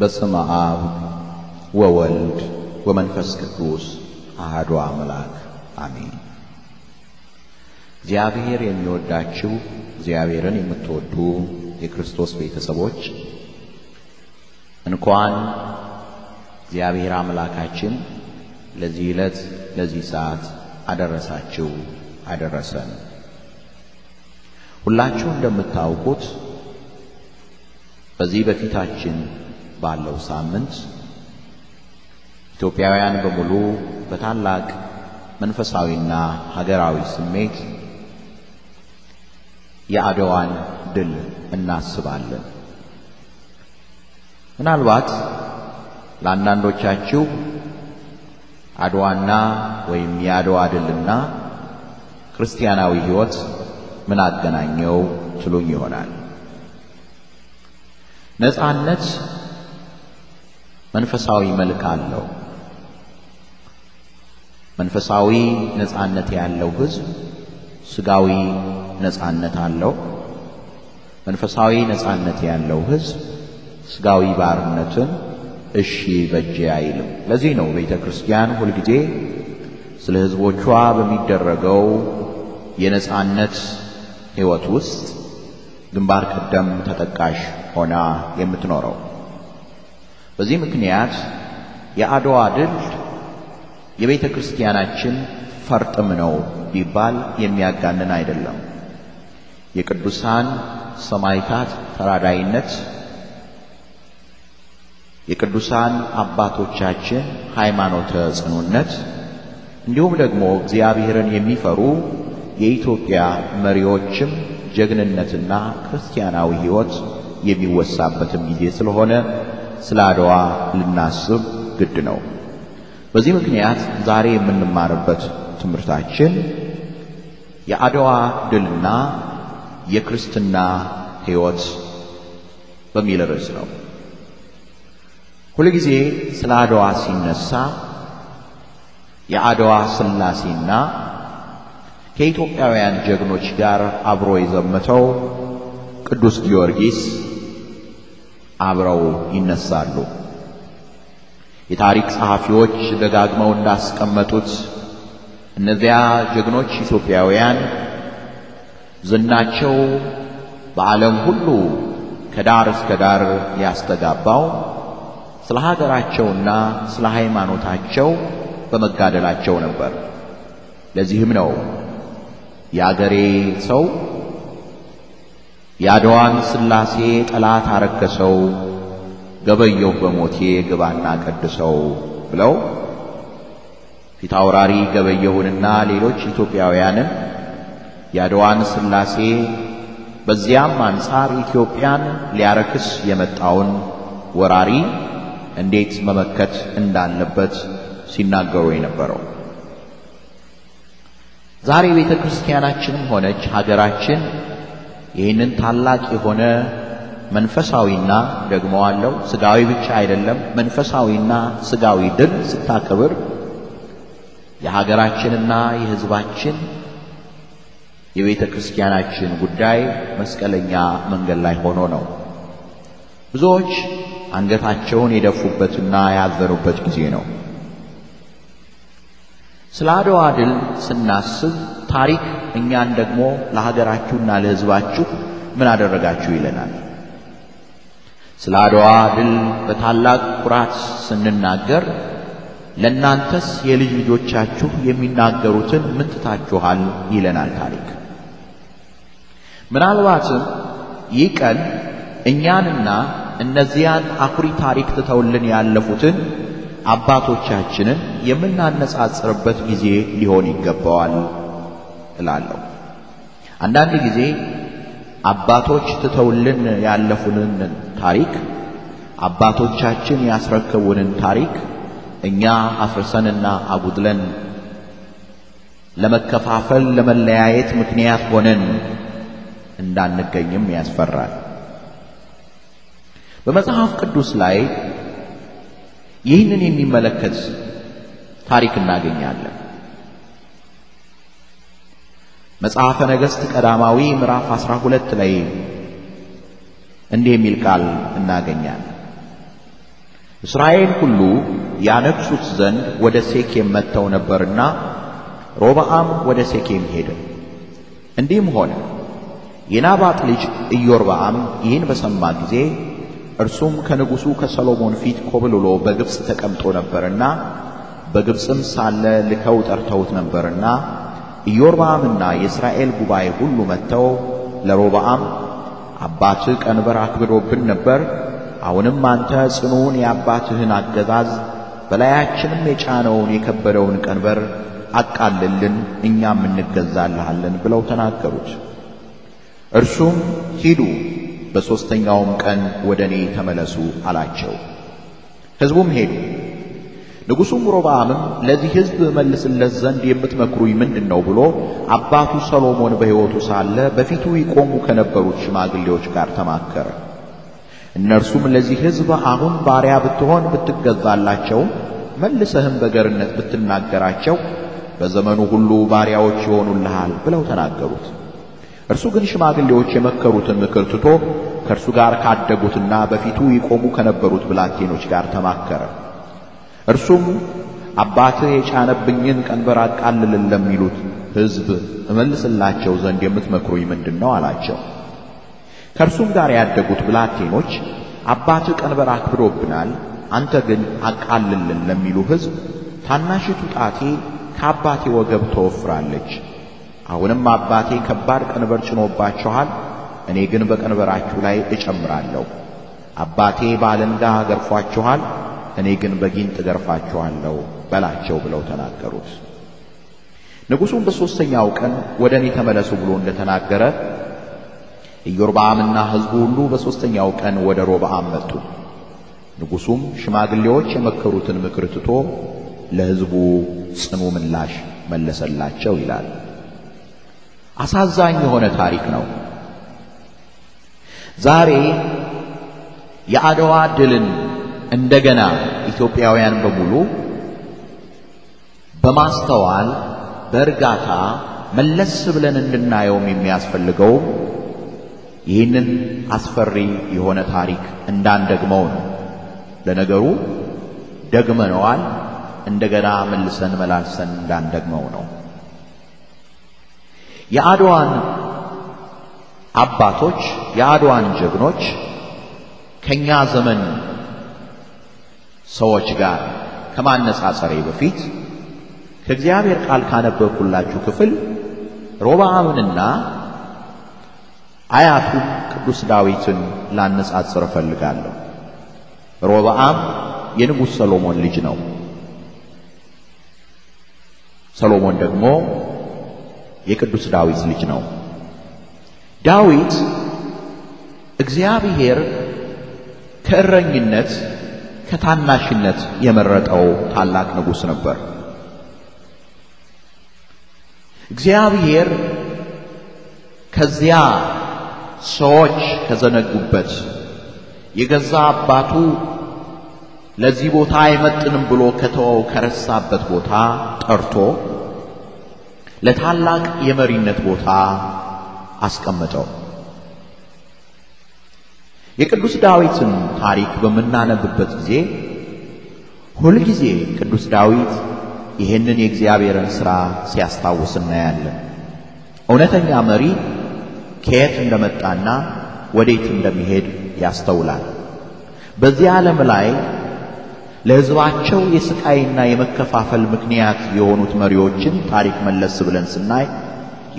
በስመ አብ ወወልድ ወመንፈስ ቅዱስ አህዶ አምላክ አሜን። እግዚአብሔር የሚወዳችው እግዚአብሔርን የምትወዱ የክርስቶስ ቤተሰቦች እንኳን እግዚአብሔር አምላካችን ለዚህ ዕለት ለዚህ ሰዓት አደረሳችሁ አደረሰን። ሁላችሁ እንደምታውቁት በዚህ በፊታችን ባለው ሳምንት ኢትዮጵያውያን በሙሉ በታላቅ መንፈሳዊና ሀገራዊ ስሜት የአድዋን ድል እናስባለን። ምናልባት ለአንዳንዶቻችሁ አድዋና ወይም የአድዋ ድልና ክርስቲያናዊ ሕይወት ምን አገናኘው ትሉኝ ይሆናል። ነጻነት መንፈሳዊ መልክ አለው። መንፈሳዊ ነጻነት ያለው ህዝብ ስጋዊ ነጻነት አለው። መንፈሳዊ ነጻነት ያለው ህዝብ ስጋዊ ባርነትን እሺ በጄ አይልም። ለዚህ ነው ቤተ ክርስቲያን ሁልጊዜ ስለ ህዝቦቿ በሚደረገው የነጻነት ህይወት ውስጥ ግንባር ቀደም ተጠቃሽ ሆና የምትኖረው። በዚህ ምክንያት የአድዋ ድል የቤተ ክርስቲያናችን ፈርጥም ነው ቢባል የሚያጋንን አይደለም። የቅዱሳን ሰማይታት ተራዳይነት፣ የቅዱሳን አባቶቻችን ሃይማኖተ ጽኑነት፣ እንዲሁም ደግሞ እግዚአብሔርን የሚፈሩ የኢትዮጵያ መሪዎችም ጀግንነትና ክርስቲያናዊ ሕይወት የሚወሳበትም ጊዜ ስለሆነ ስለ አድዋ ልናስብ ግድ ነው። በዚህ ምክንያት ዛሬ የምንማርበት ትምህርታችን የአድዋ ድልና የክርስትና ሕይወት በሚል ርዕስ ነው። ሁልጊዜ ስለ አድዋ ሲነሳ የአድዋ ስላሴና ከኢትዮጵያውያን ጀግኖች ጋር አብሮ የዘመተው ቅዱስ ጊዮርጊስ አብረው ይነሳሉ። የታሪክ ጸሐፊዎች ደጋግመው እንዳስቀመጡት እነዚያ ጀግኖች ኢትዮጵያውያን ዝናቸው በዓለም ሁሉ ከዳር እስከ ዳር ያስተጋባው ስለ ሀገራቸውና ስለ ሃይማኖታቸው በመጋደላቸው ነበር። ለዚህም ነው የአገሬ ሰው የአድዋን ሥላሴ ጠላት አረከሰው ገበየው በሞቴ ግባና ቀድሰው ብለው ፊት አውራሪ ሌሎች ኢትዮጵያውያንን የአድዋን ሥላሴ በዚያም አንጻር ኢትዮጵያን ሊያረክስ የመጣውን ወራሪ እንዴት መመከት እንዳለበት ሲናገሩ የነበረው። ዛሬ ቤተ ክርስቲያናችንም ሆነች ሀገራችን ይህንን ታላቅ የሆነ መንፈሳዊና ደግሞ አለው ስጋዊ ብቻ አይደለም፣ መንፈሳዊና ስጋዊ ድል ስታከብር የሀገራችንና የሕዝባችን የቤተ ክርስቲያናችን ጉዳይ መስቀለኛ መንገድ ላይ ሆኖ ነው። ብዙዎች አንገታቸውን የደፉበትና ያዘኑበት ጊዜ ነው። ስለ አድዋ ድል ስናስብ ታሪክ እኛን ደግሞ ለሀገራችሁና ለሕዝባችሁ ምን አደረጋችሁ ይለናል። ስለ አድዋ ድል በታላቅ ኩራት ስንናገር ለእናንተስ የልጅ ልጆቻችሁ የሚናገሩትን ምን ትታችኋል ይለናል ታሪክ። ምናልባትም ይህ ቀን እኛንና እነዚያን አኩሪ ታሪክ ትተውልን ያለፉትን አባቶቻችንን የምናነጻጽርበት ጊዜ ሊሆን ይገባዋል። እላለሁ። አንዳንድ ጊዜ አባቶች ትተውልን ያለፉንን ታሪክ አባቶቻችን ያስረከቡንን ታሪክ እኛ አፍርሰንና አጉድለን ለመከፋፈል፣ ለመለያየት ምክንያት ሆነን እንዳንገኝም ያስፈራል። በመጽሐፍ ቅዱስ ላይ ይህንን የሚመለከት ታሪክ እናገኛለን። መጽሐፈ ነገሥት ቀዳማዊ ምዕራፍ አስራ ሁለት ላይ እንዲህ የሚል ቃል እናገኛለን። እስራኤል ሁሉ ያነግሡት ዘንድ ወደ ሴኬም መጥተው ነበርና ሮብዓም ወደ ሴኬም ሄደ። እንዲህም ሆነ የናባጥ ልጅ ኢዮርብዓም ይህን በሰማ ጊዜ እርሱም ከንጉሡ ከሰሎሞን ፊት ኮብልሎ በግብፅ ተቀምጦ ነበርና በግብፅም ሳለ ልከው ጠርተውት ነበርና ኢዮርብዓምና የእስራኤል ጉባኤ ሁሉ መጥተው ለሮብዓም አባትህ ቀንበር አክብዶብን ነበር። አሁንም አንተ ጽኑውን የአባትህን አገዛዝ በላያችንም የጫነውን የከበደውን ቀንበር አቃልልን፣ እኛም እንገዛልሃለን ብለው ተናገሩት። እርሱም ሂዱ፣ በሦስተኛውም ቀን ወደ እኔ ተመለሱ አላቸው። ሕዝቡም ሄዱ። ንጉሡም ሮብዓምም ለዚህ ሕዝብ መልስለት ዘንድ የምትመክሩኝ ምንድን ነው ብሎ አባቱ ሰሎሞን በሕይወቱ ሳለ በፊቱ ይቆሙ ከነበሩት ሽማግሌዎች ጋር ተማከረ። እነርሱም ለዚህ ሕዝብ አሁን ባሪያ ብትሆን ብትገዛላቸውም፣ መልሰህም በገርነት ብትናገራቸው በዘመኑ ሁሉ ባሪያዎች ይሆኑልሃል ብለው ተናገሩት። እርሱ ግን ሽማግሌዎች የመከሩትን ምክር ትቶ ከእርሱ ጋር ካደጉትና በፊቱ ይቆሙ ከነበሩት ብላቴኖች ጋር ተማከረ። እርሱም አባትህ የጫነብኝን ቀንበር አቃልልን ለሚሉት ሕዝብ እመልስላቸው ዘንድ የምትመክሩኝ ምንድን ነው አላቸው። ከእርሱም ጋር ያደጉት ብላቴኖች አባትህ ቀንበር አክብዶብናል፣ አንተ ግን አቃልልን ለሚሉ ሕዝብ ታናሽቱ ጣቴ ከአባቴ ወገብ ተወፍራለች። አሁንም አባቴ ከባድ ቀንበር ጭኖባችኋል፣ እኔ ግን በቀንበራችሁ ላይ እጨምራለሁ። አባቴ ባልንጋ ገርፏችኋል እኔ ግን በጊንጥ ገርፋችኋለሁ በላቸው ብለው ተናገሩት። ንጉሡም በሦስተኛው ቀን ወደ እኔ ተመለሱ ብሎ እንደተናገረ ኢዮርብዓምና ሕዝቡ ሁሉ በሦስተኛው ቀን ወደ ሮብዓም መጡ። ንጉሡም ሽማግሌዎች የመከሩትን ምክር ትቶ ለሕዝቡ ጽኑ ምላሽ መለሰላቸው ይላል። አሳዛኝ የሆነ ታሪክ ነው። ዛሬ የአድዋ ድልን እንደገና ኢትዮጵያውያን በሙሉ በማስተዋል በእርጋታ መለስ ብለን እንድናየውም የሚያስፈልገው ይህንን አስፈሪ የሆነ ታሪክ እንዳንደግመው ነው። ለነገሩ ደግመነዋል፣ እንደገና መልሰን መላልሰን እንዳንደግመው ነው። የአድዋን አባቶች የአድዋን ጀግኖች ከኛ ዘመን ሰዎች ጋር ከማነጻጸሬ በፊት ከእግዚአብሔር ቃል ካነበብኩላችሁ ክፍል ሮብዓምንና አያቱ ቅዱስ ዳዊትን ላነጻጽር እፈልጋለሁ። ሮብዓም የንጉሥ ሰሎሞን ልጅ ነው። ሰሎሞን ደግሞ የቅዱስ ዳዊት ልጅ ነው። ዳዊት እግዚአብሔር ከእረኝነት ከታናሽነት የመረጠው ታላቅ ንጉሥ ነበር። እግዚአብሔር ከዚያ ሰዎች ከዘነጉበት የገዛ አባቱ ለዚህ ቦታ አይመጥንም ብሎ ከተወው ከረሳበት ቦታ ጠርቶ ለታላቅ የመሪነት ቦታ አስቀምጠው። የቅዱስ ዳዊትን ታሪክ በምናነብበት ጊዜ ሁልጊዜ ቅዱስ ዳዊት ይህንን የእግዚአብሔርን ሥራ ሲያስታውስ እናያለን። እውነተኛ መሪ ከየት እንደመጣና ወዴት እንደሚሄድ ያስተውላል። በዚህ ዓለም ላይ ለሕዝባቸው የስቃይና የመከፋፈል ምክንያት የሆኑት መሪዎችን ታሪክ መለስ ብለን ስናይ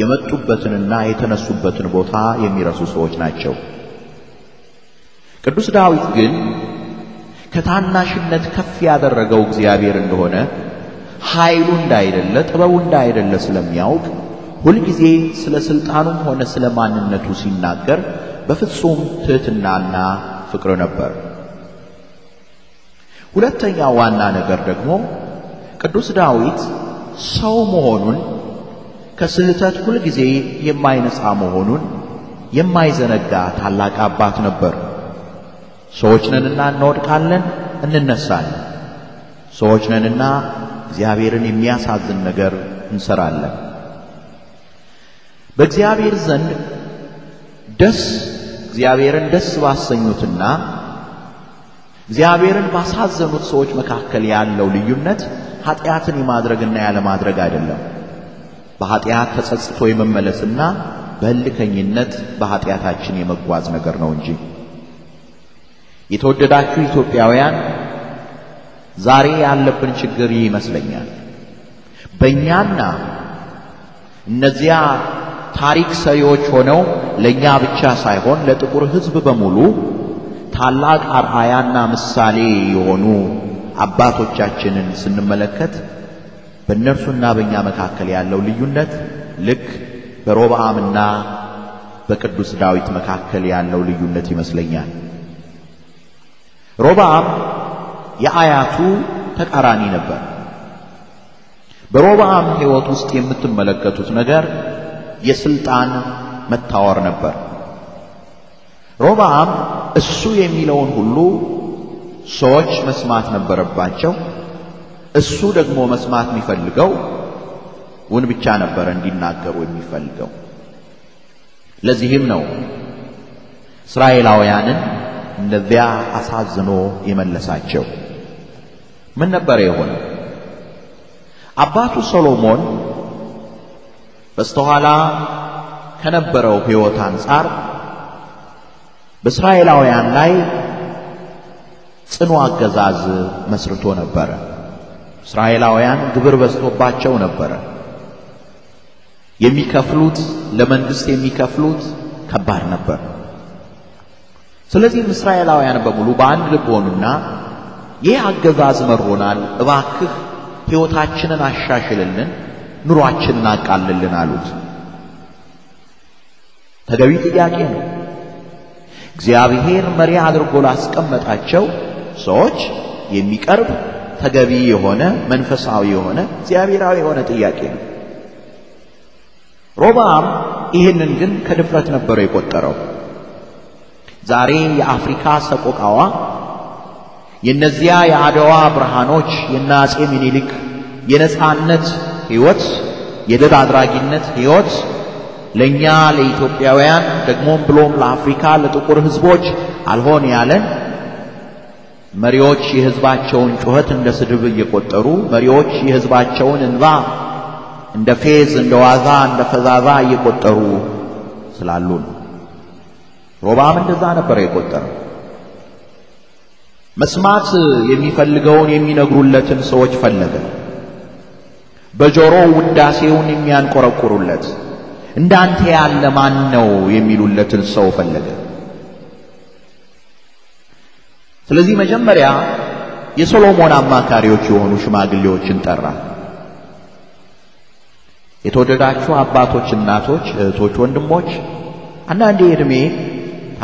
የመጡበትንና የተነሱበትን ቦታ የሚረሱ ሰዎች ናቸው። ቅዱስ ዳዊት ግን ከታናሽነት ከፍ ያደረገው እግዚአብሔር እንደሆነ ኃይሉ እንዳይደለ ጥበቡ እንዳይደለ ስለሚያውቅ ሁልጊዜ ስለ ሥልጣኑም ሆነ ስለ ማንነቱ ሲናገር በፍጹም ትሕትናና ፍቅር ነበር። ሁለተኛው ዋና ነገር ደግሞ ቅዱስ ዳዊት ሰው መሆኑን ከስህተት ሁልጊዜ የማይነጻ መሆኑን የማይዘነጋ ታላቅ አባት ነበር። ሰዎች ነንና እንወድቃለን፣ እንነሳለን። ሰዎች ነንና እግዚአብሔርን የሚያሳዝን ነገር እንሰራለን። በእግዚአብሔር ዘንድ ደስ እግዚአብሔርን ደስ ባሰኙትና እግዚአብሔርን ባሳዘኑት ሰዎች መካከል ያለው ልዩነት ኃጢአትን የማድረግና ያለማድረግ አይደለም። በኃጢአት ተጸጽቶ የመመለስና በእልከኝነት በኃጢአታችን የመጓዝ ነገር ነው እንጂ የተወደዳችሁ ኢትዮጵያውያን ዛሬ ያለብን ችግር ይመስለኛል። በእኛና እነዚያ ታሪክ ሰሪዎች ሆነው ለእኛ ብቻ ሳይሆን ለጥቁር ሕዝብ በሙሉ ታላቅ አርአያና ምሳሌ የሆኑ አባቶቻችንን ስንመለከት በእነርሱና በእኛ መካከል ያለው ልዩነት ልክ በሮብዓምና በቅዱስ ዳዊት መካከል ያለው ልዩነት ይመስለኛል። ሮባም የአያቱ ተቃራኒ ነበር። በሮባም ሕይወት ውስጥ የምትመለከቱት ነገር የስልጣን መታወር ነበር። ሮባም እሱ የሚለውን ሁሉ ሰዎች መስማት ነበረባቸው። እሱ ደግሞ መስማት የሚፈልገው ውን ብቻ ነበር እንዲናገሩ የሚፈልገው። ለዚህም ነው እስራኤላውያንን እነዚያ አሳዝኖ የመለሳቸው ምን ነበረ የሆነው? አባቱ ሰሎሞን በስተኋላ ከነበረው ሕይወት አንጻር በእስራኤላውያን ላይ ጽኑ አገዛዝ መስርቶ ነበረ። እስራኤላውያን ግብር በዝቶባቸው ነበረ። የሚከፍሉት ለመንግስት የሚከፍሉት ከባድ ነበር። ስለዚህም እስራኤላውያን በሙሉ በአንድ ልብ ሆኑና ይህ አገዛዝ መሮናል፣ እባክህ ሕይወታችንን አሻሽልልን፣ ኑሯችንን አቃልልን አሉት። ተገቢ ጥያቄ ነው። እግዚአብሔር መሪ አድርጎ ላስቀመጣቸው ሰዎች የሚቀርብ ተገቢ የሆነ መንፈሳዊ የሆነ እግዚአብሔራዊ የሆነ ጥያቄ ነው። ሮባም ይህንን ግን ከድፍረት ነበረው የቆጠረው። ዛሬ የአፍሪካ ሰቆቃዋ የእነዚያ የአድዋ ብርሃኖች የነ አፄ ምኒልክ የነፃነት ሕይወት የድል አድራጊነት ሕይወት ለእኛ ለኢትዮጵያውያን ደግሞም ብሎም ለአፍሪካ ለጥቁር ሕዝቦች አልሆን ያለን መሪዎች የሕዝባቸውን ጩኸት እንደ ስድብ እየቆጠሩ መሪዎች የሕዝባቸውን እንባ እንደ ፌዝ፣ እንደ ዋዛ፣ እንደ ፈዛዛ እየቆጠሩ ስላሉን። ሮባም እንደዛ ነበር የቆጠረው። መስማት የሚፈልገውን የሚነግሩለትን ሰዎች ፈለገ። በጆሮው ውዳሴውን የሚያንቆረቁሩለት እንዳንተ ያለ ማን ነው የሚሉለትን ሰው ፈለገ። ስለዚህ መጀመሪያ የሶሎሞን አማካሪዎች የሆኑ ሽማግሌዎችን ጠራ። የተወደዳችሁ አባቶች፣ እናቶች፣ እህቶች፣ ወንድሞች አንዳንዴ እድሜ?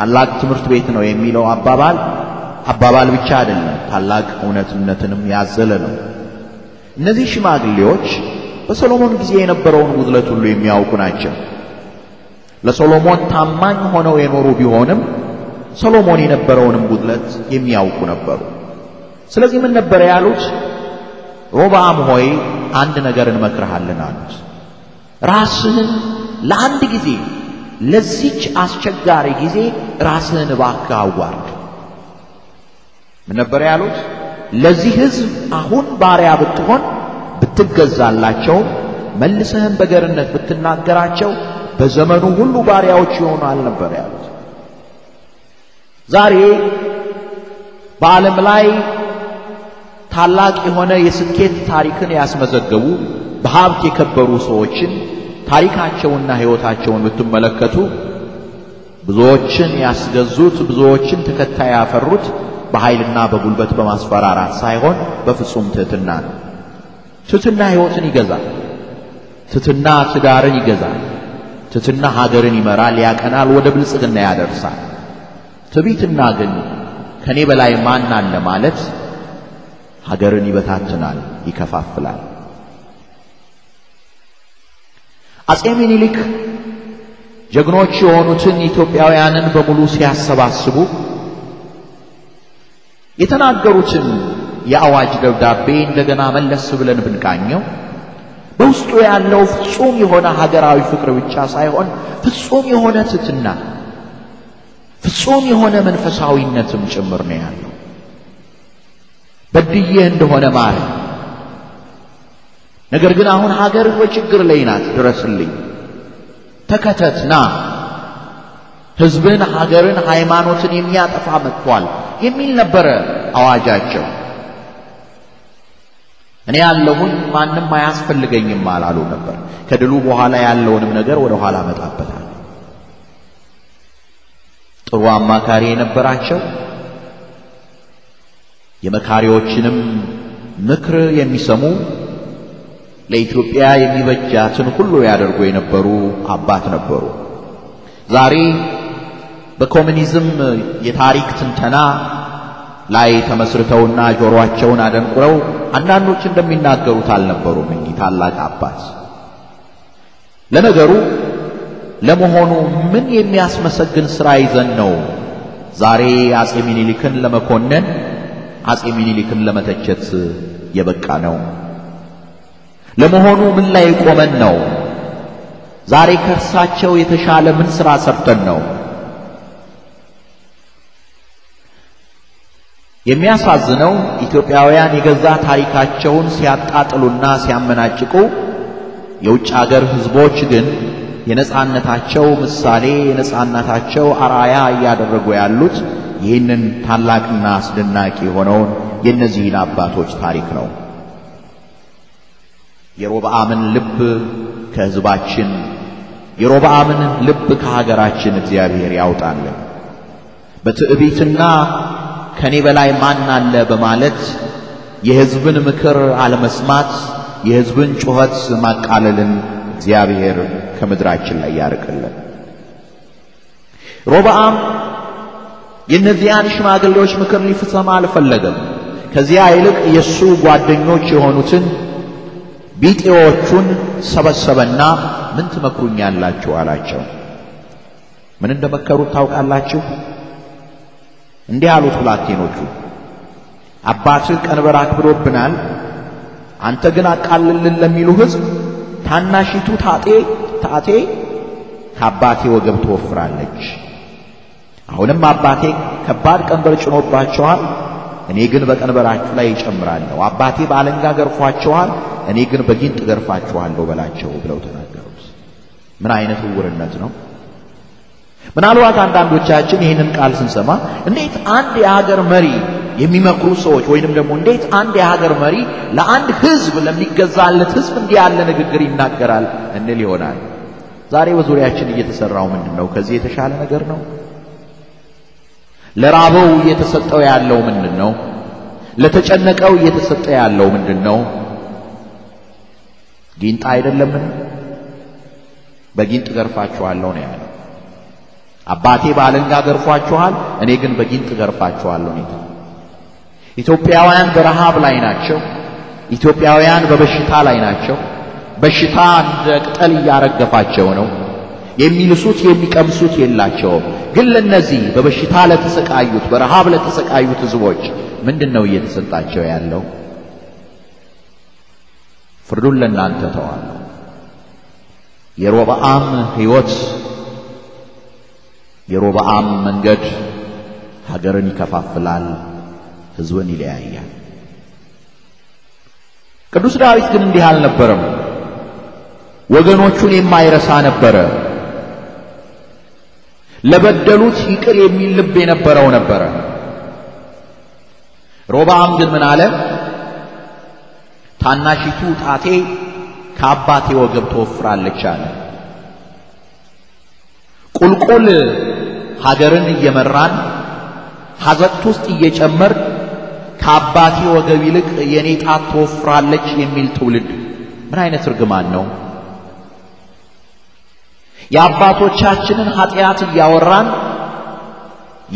ታላቅ ትምህርት ቤት ነው የሚለው አባባል አባባል ብቻ አይደለም፣ ታላቅ እውነትነትንም ያዘለ ነው። እነዚህ ሽማግሌዎች በሰሎሞን ጊዜ የነበረውን ጉድለት ሁሉ የሚያውቁ ናቸው። ለሶሎሞን ታማኝ ሆነው የኖሩ ቢሆንም ሰሎሞን የነበረውንም ጉድለት የሚያውቁ ነበሩ። ስለዚህ ምን ነበር ያሉት? ሮብዓም ሆይ አንድ ነገር እንመክርሃለን አሉት። ራስህን ለአንድ ጊዜ ለዚች አስቸጋሪ ጊዜ ራስህን እባክህ አዋርድ። ምን ነበር ያሉት? ለዚህ ሕዝብ አሁን ባሪያ ብትሆን ብትገዛላቸውም መልሰህን በገርነት ብትናገራቸው በዘመኑ ሁሉ ባሪያዎች ይሆናል ነበር ያሉት። ዛሬ በዓለም ላይ ታላቅ የሆነ የስኬት ታሪክን ያስመዘገቡ በሀብት የከበሩ ሰዎችን ታሪካቸውና ሕይወታቸውን ብትመለከቱ ብዙዎችን ያስገዙት ብዙዎችን ተከታይ ያፈሩት በኃይልና በጉልበት በማስፈራራት ሳይሆን በፍጹም ትሕትና ነው። ትሕትና ሕይወትን ይገዛል። ትሕትና ትዳርን ይገዛል። ትሕትና ሀገርን ይመራል፣ ያቀናል፣ ወደ ብልጽግና ያደርሳል። ትዕቢትና ግን ከኔ በላይ ማን አለ ማለት ሀገርን ይበታትናል፣ ይከፋፍላል። አጼ ሚኒሊክ ጀግኖች የሆኑትን ኢትዮጵያውያንን በሙሉ ሲያሰባስቡ የተናገሩትን የአዋጅ ደብዳቤ እንደገና መለስ ብለን ብንቃኘው በውስጡ ያለው ፍጹም የሆነ ሀገራዊ ፍቅር ብቻ ሳይሆን ፍጹም የሆነ ትትና ፍጹም የሆነ መንፈሳዊነትም ጭምር ነው ያለው። በድዬ እንደሆነ ማረ ነገር ግን አሁን ሀገር በችግር ላይ ናት፣ ድረስልኝ፣ ተከተትና ህዝብን፣ ሀገርን፣ ሃይማኖትን የሚያጠፋ መጥቷል የሚል ነበረ አዋጃቸው። እኔ ያለሁኝ ማንም አያስፈልገኝም አላሉ ነበር። ከድሉ በኋላ ያለውንም ነገር ወደ ኋላ መጣበታል። ጥሩ አማካሪ የነበራቸው የመካሪዎችንም ምክር የሚሰሙ ለኢትዮጵያ የሚበጃትን ሁሉ ያደርጉ የነበሩ አባት ነበሩ። ዛሬ በኮሚኒዝም የታሪክ ትንተና ላይ ተመስርተውና ጆሮአቸውን አደንቁረው አንዳንዶች እንደሚናገሩት አልነበሩም እኚህ ታላቅ አባት። ለነገሩ ለመሆኑ ምን የሚያስመሰግን ሥራ ይዘን ነው ዛሬ አጼ ሚኒሊክን ለመኮነን አጼ ሚኒሊክን ለመተቸት የበቃ ነው? ለመሆኑ ምን ላይ ቆመን ነው? ዛሬ ከእርሳቸው የተሻለ ምን ሥራ ሰርተን ነው? የሚያሳዝነው ኢትዮጵያውያን የገዛ ታሪካቸውን ሲያጣጥሉና ሲያመናጭቁ፣ የውጭ አገር ሕዝቦች ግን የነጻነታቸው ምሳሌ የነጻነታቸው አራያ እያደረጉ ያሉት ይህንን ታላቅና አስደናቂ የሆነውን የእነዚህን አባቶች ታሪክ ነው። የሮብዓምን ልብ ከሕዝባችን የሮብዓምን ልብ ከሀገራችን እግዚአብሔር ያውጣልን። በትዕቢትና ከኔ በላይ ማን አለ በማለት የሕዝብን ምክር አለመስማት፣ የሕዝብን ጩኸት ማቃለልን እግዚአብሔር ከምድራችን ላይ ያርቅልን። ሮብዓም የእነዚያን ሽማግሌዎች ምክር ሊፍሰማ አልፈለገም። ከዚያ ይልቅ የእሱ ጓደኞች የሆኑትን ቢጤዎቹን ሰበሰበና ምን ትመክሩኛላችሁ አላቸው። ምን እንደመከሩት ታውቃላችሁ? እንዲህ አሉት ብላቴኖቹ፣ አባትህ ቀንበር አክብሮብናል አንተ ግን አቃልልን ለሚሉ ሕዝብ ታናሺቱ ታጤ ታጤ ከአባቴ ወገብ ትወፍራለች። አሁንም አባቴ ከባድ ቀንበር ጭኖባቸዋል እኔ ግን በቀንበራችሁ ላይ ይጨምራለሁ አባቴ በአለንጋ ገርፏችኋል፣ እኔ ግን በጊንጥ ገርፋችኋለሁ በላቸው ብለው ተናገሩት። ምን አይነት እውርነት ነው! ምናልባት አንዳንዶቻችን ይህንን ቃል ስንሰማ እንዴት አንድ የሀገር መሪ የሚመክሩ ሰዎች ወይንም ደግሞ እንዴት አንድ የሀገር መሪ ለአንድ ህዝብ ለሚገዛለት ህዝብ እንዲህ ያለ ንግግር ይናገራል እንል ይሆናል። ዛሬ በዙሪያችን እየተሰራው ምንድን ነው? ከዚህ የተሻለ ነገር ነው? ለራበው እየተሰጠው ያለው ምንድን ነው? ለተጨነቀው እየተሰጠ ያለው ምንድን ነው? ጊንጣ አይደለምን? በጊንጥ ገርፋችኋለሁ ነው ያለው። አባቴ በአለንጋ ገርፏችኋል፣ እኔ ግን በጊንጥ ገርፋችኋለሁ ነው። ኢትዮጵያውያን በረሃብ ላይ ናቸው። ኢትዮጵያውያን በበሽታ ላይ ናቸው። በሽታ እንደ ቅጠል እያረገፋቸው ነው። የሚልሱት የሚቀምሱት የላቸውም። ግን ለነዚህ በበሽታ ለተሰቃዩት በረሃብ ለተሰቃዩት ህዝቦች ምንድን ነው እየተሰጣቸው ያለው? ፍርዱን ለእናንተ ተዋለሁ። የሮብዓም ሕይወት የሮብዓም መንገድ ሀገርን ይከፋፍላል፣ ህዝብን ይለያያል። ቅዱስ ዳዊት ግን እንዲህ አልነበረም። ወገኖቹን የማይረሳ ነበረ። ለበደሉት ይቅር የሚል ልብ የነበረው ነበረ። ሮባም ግን ምን አለ? ታናሺቱ ጣቴ ከአባቴ ወገብ ተወፍራለች አለ። ቁልቁል ሀገርን እየመራን ሐዘቅት ውስጥ እየጨመር ከአባቴ ወገብ ይልቅ የኔ ጣት ተወፍራለች የሚል ትውልድ ምን አይነት እርግማን ነው? የአባቶቻችንን ኃጢአት እያወራን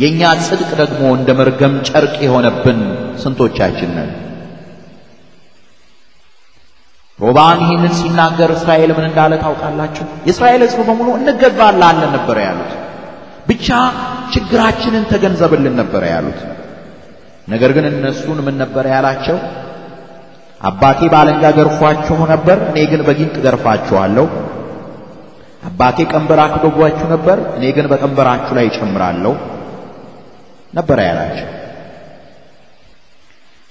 የእኛ ጽድቅ ደግሞ እንደ መርገም ጨርቅ የሆነብን ስንቶቻችን ነን? ሮባም ይህንን ሲናገር እስራኤል ምን እንዳለ ታውቃላችሁ? የእስራኤል ሕዝብ በሙሉ እንገባላለን ነበረ ያሉት። ብቻ ችግራችንን ተገንዘብልን ነበር ያሉት። ነገር ግን እነሱን ምን ነበር ያላቸው? አባቴ ባለንጋ ገርፏችሁ ነበር፣ እኔ ግን በጊንጥ ገርፋችኋለሁ። አባቴ ቀንበር አክብቧችሁ ነበር፣ እኔ ግን በቀንበራችሁ ላይ እጨምራለሁ ነበር ያላቸው።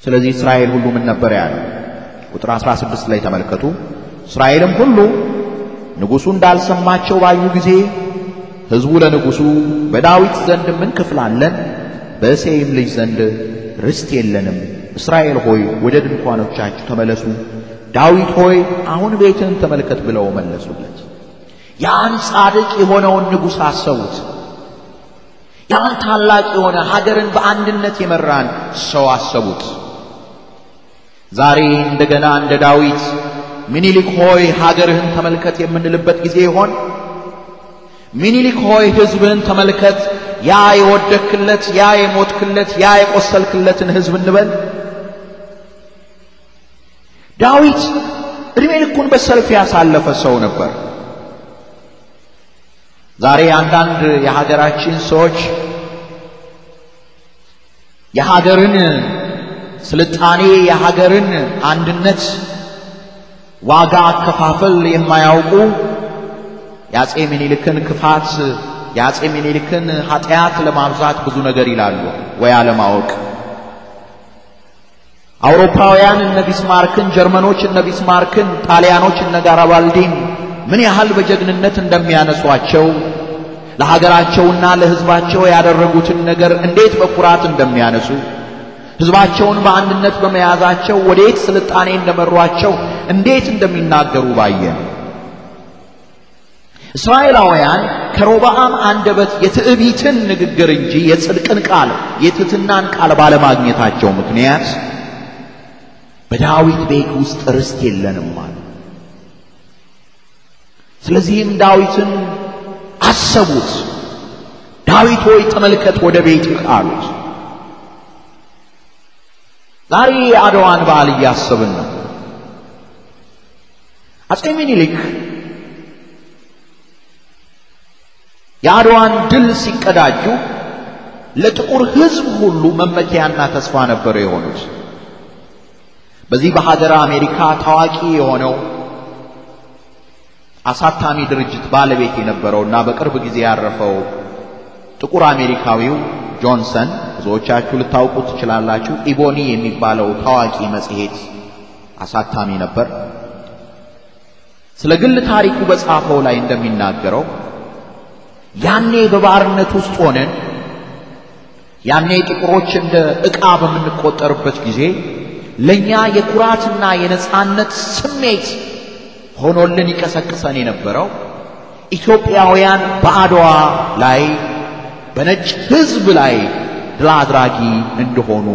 ስለዚህ እስራኤል ሁሉ ምን ነበር ያለው? ቁጥር 16 ላይ ተመልከቱ። እስራኤልም ሁሉ ንጉሱ እንዳልሰማቸው ባዩ ጊዜ ሕዝቡ ለንጉሱ በዳዊት ዘንድ ምን ክፍል አለን? በእሴይም ልጅ ዘንድ ርስት የለንም። እስራኤል ሆይ ወደ ድንኳኖቻችሁ ተመለሱ፣ ዳዊት ሆይ አሁን ቤትን ተመልከት ብለው መለሱለት። ያን ጻድቅ የሆነውን ንጉሥ አሰቡት። ያን ታላቅ የሆነ ሀገርን በአንድነት የመራን ሰው አሰቡት። ዛሬ እንደገና እንደ ዳዊት ምኒልክ ሆይ ሀገርህን ተመልከት የምንልበት ጊዜ ይሆን? ምኒልክ ሆይ ሕዝብህን ተመልከት፣ ያ የወደክለት፣ ያ የሞትክለት፣ ያ የቆሰልክለትን ሕዝብ እንበል። ዳዊት እድሜ ልኩን በሰልፍ ያሳለፈ ሰው ነበር። ዛሬ አንዳንድ የሀገራችን ሰዎች የሀገርን ስልጣኔ የሀገርን አንድነት ዋጋ አከፋፈል የማያውቁ የአፄ ምኒልክን ክፋት የአፄ ምኒልክን ኃጢአት ለማብዛት ብዙ ነገር ይላሉ ወይ አለማወቅ። አውሮፓውያን እነ ቢስማርክን፣ ጀርመኖች እነ ቢስማርክን፣ ጣሊያኖች እነ ጋራባልዲን ምን ያህል በጀግንነት እንደሚያነሷቸው ለሀገራቸውና ለሕዝባቸው ያደረጉትን ነገር እንዴት በኩራት እንደሚያነሱ ሕዝባቸውን በአንድነት በመያዛቸው ወዴት ስልጣኔ እንደመሯቸው እንዴት እንደሚናገሩ ባየን። እስራኤላውያን ከሮባአም አንደበት የትዕቢትን ንግግር እንጂ የጽድቅን ቃል የትትናን ቃል ባለማግኘታቸው ምክንያት በዳዊት ቤት ውስጥ ርስት የለንም አሉ። ስለዚህም ዳዊትን አሰቡት። ዳዊት ሆይ ተመልከት ወደ ቤትህ አሉት። ዛሬ የአድዋን በዓል እያሰብን ነው። አጼ ምኒልክ የአድዋን ድል ሲቀዳጁ ለጥቁር ሕዝብ ሁሉ መመኪያና ተስፋ ነበር የሆኑት። በዚህ በሀገረ አሜሪካ ታዋቂ የሆነው አሳታሚ ድርጅት ባለቤት የነበረውና በቅርብ ጊዜ ያረፈው ጥቁር አሜሪካዊው ጆንሰን ብዙዎቻችሁ ልታውቁ ትችላላችሁ። ኢቦኒ የሚባለው ታዋቂ መጽሔት አሳታሚ ነበር። ስለ ግል ታሪኩ በጻፈው ላይ እንደሚናገረው ያኔ በባርነት ውስጥ ሆነን ያኔ ጥቁሮች እንደ ዕቃ በምንቆጠርበት ጊዜ ለኛ የኩራትና የነጻነት ስሜት ሆኖልን ይቀሰቅሰን የነበረው ኢትዮጵያውያን በአድዋ ላይ በነጭ ሕዝብ ላይ ድል አድራጊ እንደሆኑ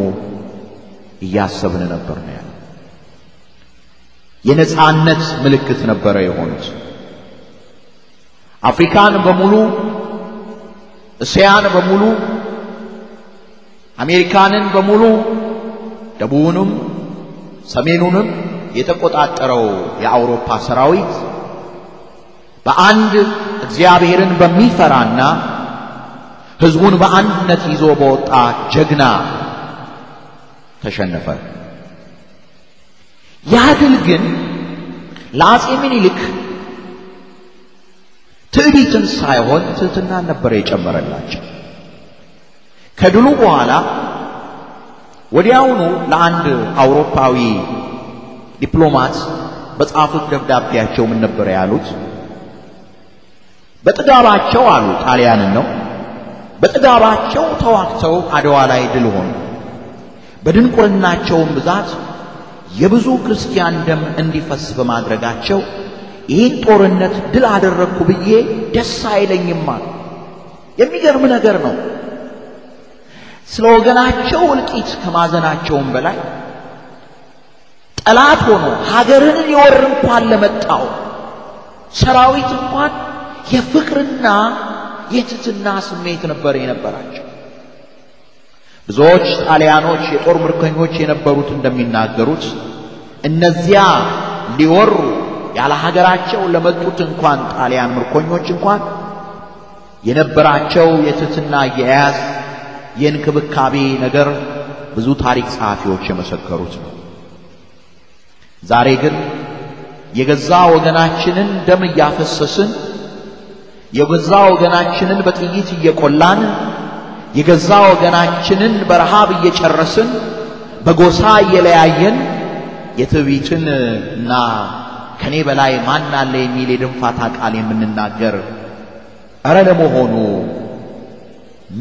እያሰብን ነበር ነው ያለ። የነጻነት ምልክት ነበረ የሆኑት። አፍሪካን በሙሉ እስያን በሙሉ አሜሪካንን በሙሉ ደቡቡንም ሰሜኑንም የተቆጣጠረው የአውሮፓ ሰራዊት በአንድ እግዚአብሔርን በሚፈራና ሕዝቡን በአንድነት ይዞ በወጣ ጀግና ተሸነፈ። ያ ድል ግን ለአጼ ምኒልክ ትዕቢትን ሳይሆን ትህትና ነበረ የጨመረላቸው። ከድሉ በኋላ ወዲያውኑ ለአንድ አውሮፓዊ ዲፕሎማት በጻፉት ደብዳቤያቸው ምን ነበር ያሉት? በጥጋባቸው አሉ ጣሊያንን ነው። በጥጋባቸው ተዋግተው አድዋ ላይ ድል ሆኑ። በድንቁርናቸውም ብዛት የብዙ ክርስቲያን ደም እንዲፈስ በማድረጋቸው ይህን ጦርነት ድል አደረግኩ ብዬ ደስ አይለኝም አሉ። የሚገርም ነገር ነው። ስለ ወገናቸው እልቂት ከማዘናቸውም በላይ ጠላት ሆኖ ሀገርን ሊወር እንኳን ለመጣው ሰራዊት እንኳን የፍቅርና የትትና ስሜት ነበር የነበራቸው። ብዙዎች ጣሊያኖች የጦር ምርኮኞች የነበሩት እንደሚናገሩት እነዚያ ሊወሩ ያለ ሀገራቸው ለመጡት እንኳን ጣሊያን ምርኮኞች እንኳን የነበራቸው የትትና የያዝ የእንክብካቤ ነገር ብዙ ታሪክ ጸሐፊዎች የመሰከሩት ነው። ዛሬ ግን የገዛ ወገናችንን ደም እያፈሰስን የገዛ ወገናችንን በጥይት እየቆላን የገዛ ወገናችንን በረሃብ እየጨረስን በጎሳ እየለያየን የትዕቢትን እና ከኔ በላይ ማን አለ የሚል የድንፋታ ቃል የምንናገር እረ ለመሆኑ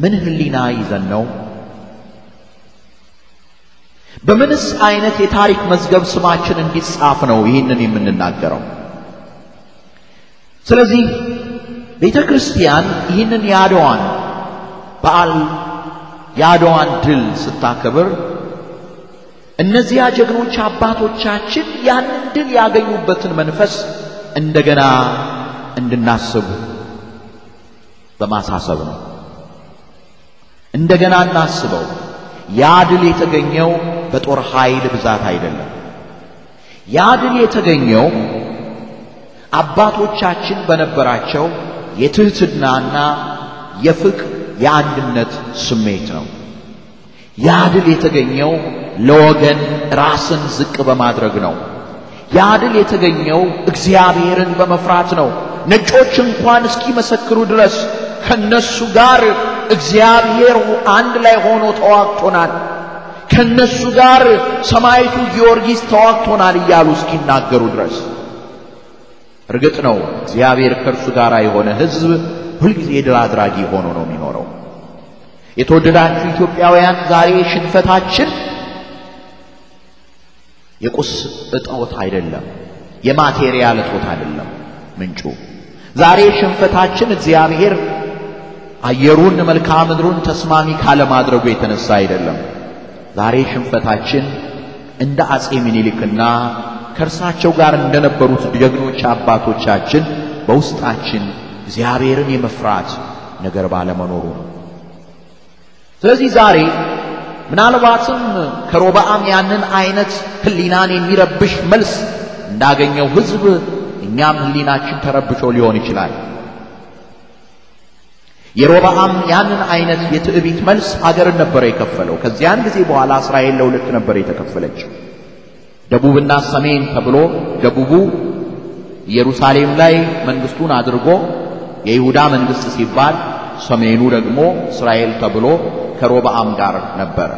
ምን ህሊና ይዘን ነው? በምንስ አይነት የታሪክ መዝገብ ስማችን እንዲጻፍ ነው ይህንን የምንናገረው? ስለዚህ ቤተ ክርስቲያን ይህንን የአድዋን በዓል የአድዋን ድል ስታከብር እነዚያ ጀግኖች አባቶቻችን ያንን ድል ያገኙበትን መንፈስ እንደገና እንድናስቡ በማሳሰብ ነው። እንደገና እናስበው ያ ድል የተገኘው በጦር ኃይል ብዛት አይደለም። ያ ድል የተገኘው አባቶቻችን በነበራቸው የትህትናና የፍቅር የአንድነት ስሜት ነው። ያ ድል የተገኘው ለወገን ራስን ዝቅ በማድረግ ነው። ያ ድል የተገኘው እግዚአብሔርን በመፍራት ነው። ነጮች እንኳን እስኪመሰክሩ ድረስ ከነሱ ጋር እግዚአብሔር አንድ ላይ ሆኖ ተዋግቶናል። ከነሱ ጋር ሰማይቱ ጊዮርጊስ ተዋግቶናል እያሉ እስኪናገሩ ድረስ። እርግጥ ነው እግዚአብሔር ከእርሱ ጋር የሆነ ሕዝብ ሁልጊዜ ድል አድራጊ ሆኖ ነው የሚኖረው። የተወደዳችሁ ኢትዮጵያውያን፣ ዛሬ ሽንፈታችን የቁስ እጦት አይደለም፣ የማቴሪያል እጦት አይደለም ምንጩ። ዛሬ ሽንፈታችን እግዚአብሔር አየሩን መልክዓ ምድሩን ተስማሚ ካለማድረጉ የተነሳ አይደለም። ዛሬ ሽንፈታችን እንደ አጼ ምኒልክና ከእርሳቸው ጋር እንደነበሩት ጀግኖች አባቶቻችን በውስጣችን እግዚአብሔርን የመፍራት ነገር ባለመኖሩ ነው። ስለዚህ ዛሬ ምናልባትም ከሮብዓም ያንን አይነት ህሊናን የሚረብሽ መልስ እንዳገኘው ህዝብ እኛም ህሊናችን ተረብሾ ሊሆን ይችላል። የሮባአም ያንን አይነት የትዕቢት መልስ አገር ነበረ የከፈለው። ከዚያን ጊዜ በኋላ እስራኤል ለሁለት ነበረ የተከፈለችው፣ ደቡብና ሰሜን ተብሎ ደቡቡ ኢየሩሳሌም ላይ መንግስቱን አድርጎ የይሁዳ መንግስት ሲባል፣ ሰሜኑ ደግሞ እስራኤል ተብሎ ከሮባአም ጋር ነበረ።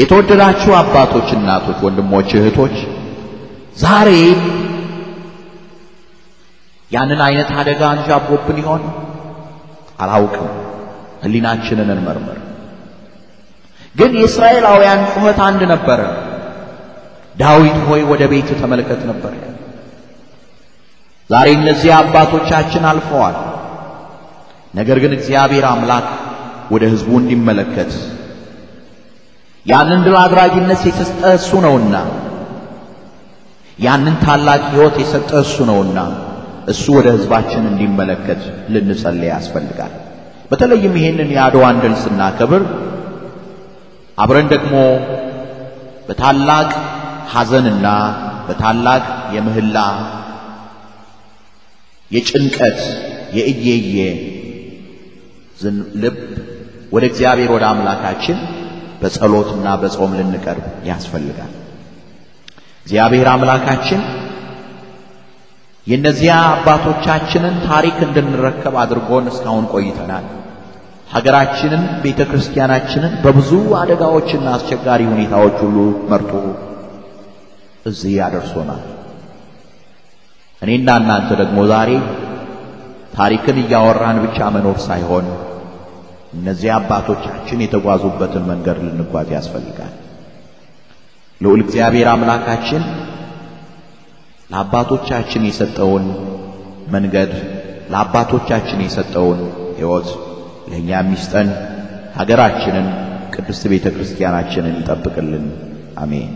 የተወደዳችሁ አባቶች፣ እናቶች፣ ወንድሞች፣ እህቶች ዛሬ ያንን አይነት አደጋ አንዣቦብን ይሆን? አላውቅም። ህሊናችንን እንመርምር። ግን የእስራኤላውያን ጩኸት አንድ ነበረ። ዳዊት ሆይ ወደ ቤት ተመልከት ነበር። ዛሬ እነዚህ አባቶቻችን አልፈዋል። ነገር ግን እግዚአብሔር አምላክ ወደ ህዝቡ እንዲመለከት ያንን ድል አድራጊነት የሰጠ እሱ ነውና ያንን ታላቅ ሕይወት የሰጠ እሱ ነውና እሱ ወደ ህዝባችን እንዲመለከት ልንጸልይ ያስፈልጋል። በተለይም ይሄንን የአድዋን ድል ስናከብር አብረን ደግሞ በታላቅ ሐዘንና በታላቅ የምህላ የጭንቀት የእየየ ልብ ወደ እግዚአብሔር ወደ አምላካችን በጸሎትና በጾም ልንቀርብ ያስፈልጋል። እግዚአብሔር አምላካችን የእነዚያ አባቶቻችንን ታሪክ እንድንረከብ አድርጎን እስካሁን ቆይተናል። ሀገራችንን ቤተ ክርስቲያናችንን በብዙ አደጋዎችና አስቸጋሪ ሁኔታዎች ሁሉ መርቶ እዚህ ያደርሶናል። እኔና እናንተ ደግሞ ዛሬ ታሪክን እያወራን ብቻ መኖር ሳይሆን እነዚያ አባቶቻችን የተጓዙበትን መንገድ ልንጓዝ ያስፈልጋል። ልዑል እግዚአብሔር አምላካችን ለአባቶቻችን የሰጠውን መንገድ ለአባቶቻችን የሰጠውን ሕይወት ለኛ ሚስጠን ሀገራችንን ቅድስት ቤተ ክርስቲያናችንን ይጠብቅልን። አሜን።